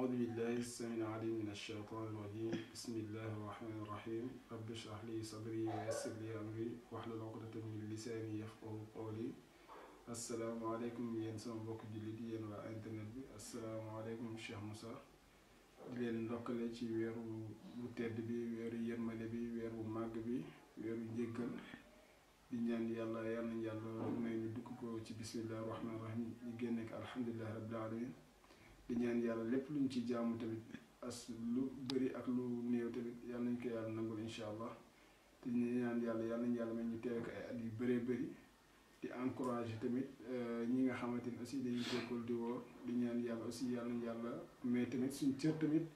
أعوذ بالله السميع العليم من الشيطان الرجيم بسم الله الرحمن الرحيم رب اشرح لي صدري ويسر لي أمري واحلل عقدة من لساني يفقه قولي السلام عليكم يا نسام بوك جليدي يا نرى انترنت السلام عليكم شيخ موسى لين دوكلي تي ويرو بوتيد بي ويرو يرمالي بي ويرو ماغ بي ويرو نيغال di ñaan yalla yalla ñaan yalla may ñu dugg ko الرحمن الرحيم ñu genn ak alhamdullilah rabbil di ñaan yàlla lépp lu luñ ci jaamu tamit as lu bëri ak lu néew tamit yal nañ ko yàlla allah te ñu yàlla yal yàlla may ñu teew ko ay at yu bëree bëri di encourage tamit euh, ñi nga xamante ni aussi dañuy jékkool di woor di ñaan yàlla aussi yal nañ yàlla mais tamit suñ cër tamit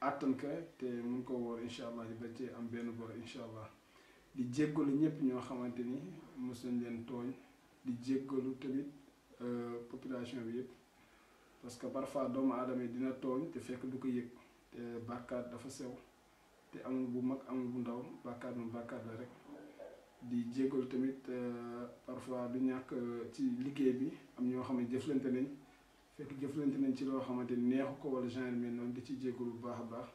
àttan ka te mun ko woor incha allah ba cee am benn bor incha allah di jékkalu ñëpp ñoo xamante ni mos nañ leen tooñ di jéggalu tamit euh, population bi yëpp. parce que parfois doomu adamé dina togn te fekk du ko yëg te bakkar dafa sew te amul bu mag amul bu ndaw bakkar moom bakkar la rek di jégal tamit parfois du ñak ci liggéey bi am ño xam jëflante nañ fekk jëflante nañ ci lo xamante ni ko wala genre mel non di ci jégalu bu baax baax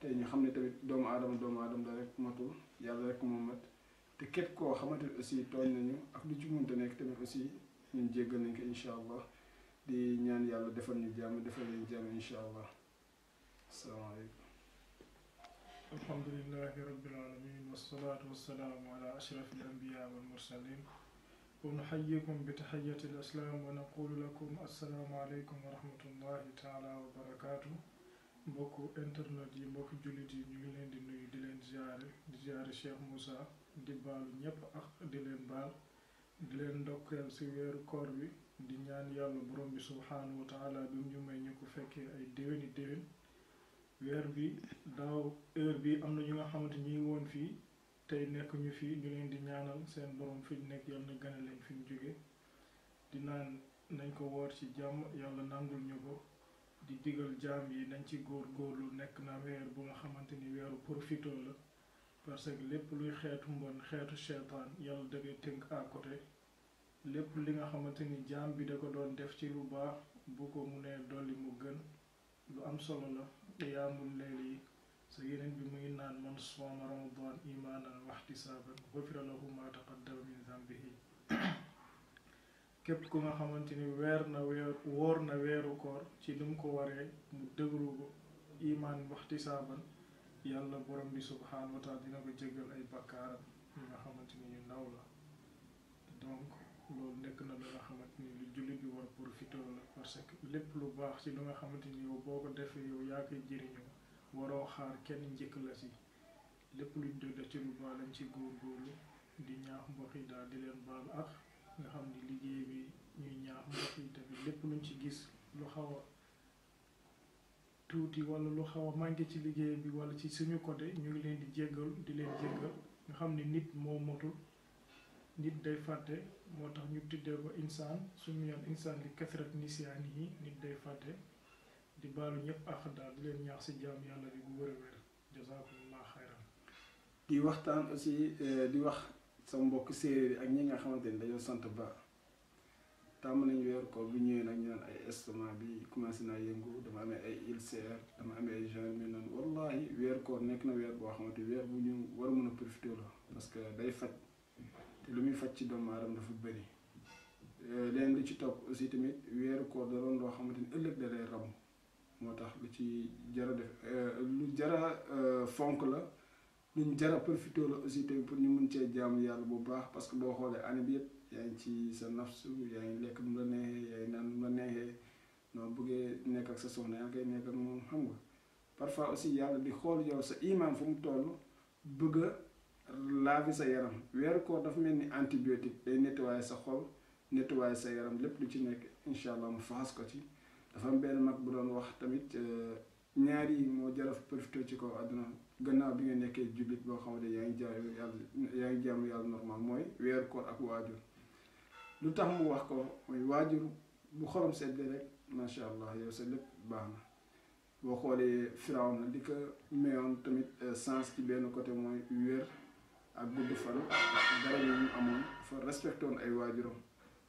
te ñu xamné tamit doomu adam doomu adam la rek matu yàlla rek mo mat te kep ko xamante aussi togn nañu ak lu ci mën ta nek tamit aussi ñu jéggal nañ ko inshallah di ñaan yàlla defal ñu jàmm defal leen jàmm incha allah asalaamaaleykum alhamdulilahi rabi alalamin wasalatu wasalaamu ala ashraf al ambiya wal mursalin wa nuxayikum bi tahayati lislam wa naqulu lakum assalaamu aleykum wa rahmatullahi taala wa barakaatu mbokku internet yi mbokk jullit yi ñu ngi leen di nuyu di leen ziare di ziare cheikh moussa di baalu ñëpp ak di leen baal di leen ndokkeel si weeru koor bi di ñaan yàlla borom bi subhaanahu wa bi mu ñu may ñu ko fekkee ay déwéni déwén weer bi daaw heure bi am na ñu nga xamante ñi ngi woon fii tey nekk ñu fii ñu leen di ñaanal seen borom fi ñu nekk yàlla na gën fi ñu jóge di naan nañ ko woor ci jàmm yàlla nangul ñu ko di digal jaam yi nañ ci góor góorlu nekk naa weer bu nga xamante ni weeru profito la parce que lépp luy xeetu mbon xeetu seytaan yàlla da ngay tënk à lépp li nga xamante ni jaam bi da ko doon def ci lu baax bu ko mu nee dolli mu gën lu am solo la qiyaamul leyl yi sa yeneen bi mu ngi naan man sooma ramadan imaanan waxtisaaban gufira lahu ma taqaddama min zambihi képp ku nga xamante ni weer na weer wóor na weeru koor ci li mu ko waree mu dëgru ko imaan waxtisaaban yàlla borom bi subhaanahu wa taala dina ko jégal ay bakkaaram yi nga xamante ni yu ndaw la loolu nekk na lu nga xamante ni lu jullit bi war a profité la parce que lépp lu baax ci lu nga xamante ni yow boo ko defee yow yaa koy jëriñoo waroo xaar kenn njëkk la si lépp luñ doon def ci lu baax lañ ci di ñaax mbokk yi daal di leen baal ak nga xam ni liggéey bi ñuy ñaax mbokk yi tamit lépp luñ ci gis lu xaw a tuuti wala lu xaw a manqué ci liggéey bi wala ci suñu côté ñu ngi leen di jéggal di leen jéggal nga xam ni nit moo motul. nit day fàtte moo tax ñu tuddee ko insaan suñu yoon insaan li kathrat nisyaani yi nit day fàtte di baalu ñëpp ak daal di leen ñaax si jaam yàlla bi bu wër a wér jazakumullah di waxtaan aussi euh, di wax sa mbokk séeréer ak ñi nga xamante ni dañoo sant ba tàmm nañ weer ko bu ñëwee nag ñu naan ay estomac bi commencé naa yëngu dama amee ay ulcère dama amee ay genre mi noonu wallahi weer ko nekk na weer boo xamante weer bu ñu war a mën a profité la parce que day faj te lu muy faj ci doomu aadama dafa bëri eh, leen lu ci topp aussi tamit weeru koor da loo xamante ni ëllëg da lay moo tax lu ci jara def eh, lu jara eh, fonk la luñ jara profité la aussi pour ñu mun cee jaamu yàlla bu baax parce que boo xoolee année bi yëpp yaa ngi ci sa nafsu yaa ngi lekk mu la neexee yaa ngi naan mu neexee noo bëggee nekk ak sa soxna yaa ngi koy moom xam nga parfois aussi yàlla di xool yow sa imaan fu mu toll bëgg laafi sa yaram weeru koor dafa mel ni antibiotique day nettoyer sa xol nettoyer sa yaram lépp lu ci nekk incha allah mu faxas ko ci dafa am benn mag bu doon wax tamit euh, ñaar yi moo jaraf profité ci kaw àdduna gannaaw bi nga nekkee jullit boo xamante yaa ngi jaamu yàlla mooy weeru koor ak waajur lu tax mu wax ko mooy waajur bu xorom sedd rek macha allah yow sa lépp baax na boo xoolee firaw na li ko mayoon tamit euh, sens ci benn côté mooy weer ak gudd fan dara ñu mu amoon dafa respecté woon ay waajuram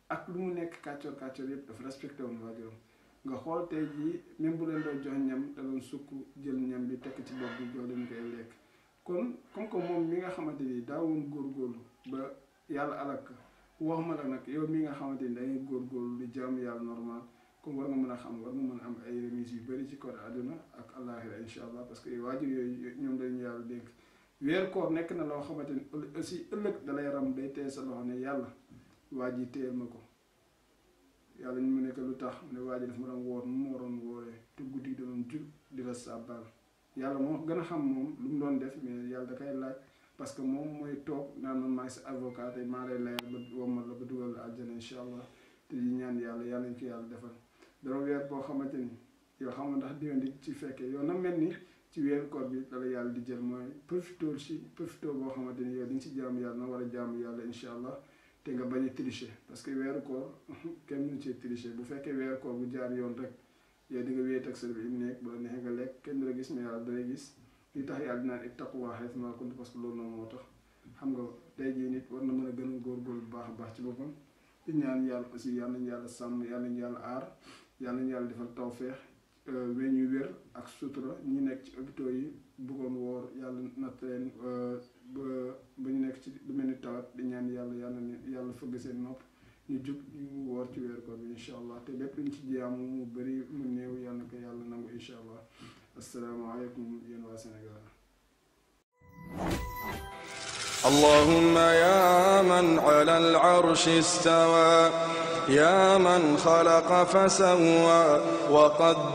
ak lu mu nekk kàccoor kàccoor yëpp dafa respecté woon waajuram nga xool tey jii même bu leen doon jox ñam da doon sukk jël ñam bi tekk ci bopp bi jox leen koy lekk kon comme que moom mi nga xamante ni daawoon góorgóorlu ba yàlla alak wax ma la nag yow mi nga xamante ni da ngay góorgóorlu lu jaamu yàlla normal comme war nga mën a xam war nga mën a am ay remise yu bëri ci côté aduna ak àllaaxira incha allah parce que waajur yooyu ñoom dañu yàlla dénk weer koor nekk na loo xamante ni si ëllëg dalay ram day téye sa loxo ne yàlla waa ji téyel ma ko yàlla ñu mu nekk lu tax mu ne waa ji daf ma doon woor mu ma waroon wooree te guddi da doon jug di la sàbbaal gën a xam lu mu doon def mais yàlla da koy que moom mooy toog naan man maay sa avocat te maa lay la ba dugal la àjjana incha allah yi ñaan yàlla yàlla ñu yàlla defal dara weer boo xamante ni xam nga ndax diwén ci fekkee yow na mel ni ci weeru koor bi dala yàlla di jël mooy profitool si profitool boo xamante ni yow di nga si jaamu yàlla na war a jaamu yàlla incha allah te nga bañ a tricher parce que weeru koor kenn mënu cee tricher bu fekkee weeru koor bu jaar yoon rek yow di nga wéet ak sa bi mu nekk bu la nga lekk kenn dara gis mais yàlla dara gis li tax yàlla dinaan ittaqwa ma kuntum parce que loolu noonu moo tax xam nga tey jii nit war na mën a gën a góorgóorlu bu baax a baax ci boppam di ñaan yàlla aussi yàlla nañu yàlla sàmm yàlla nañu yàlla aar yàlla nañu yàlla defal tawféex weñ yu wér ak sutura ñi nekk ci hôpitaux yi bëggoon woor yàlla natt leen ba ba ñu nekk ci lu mel ni tawat di ñaan yàlla yàlla yàlla fëgg seen nopp ñu jub ñu woor ci weer koor bi incha allah te lépp luñ ci jaamu mu bëri mu néew yàlla ko yàlla nangu incha allah asalaamaaleykum yéen waa Sénégal اللهم يا من على العرش استوى يا من خلق فسوى وقد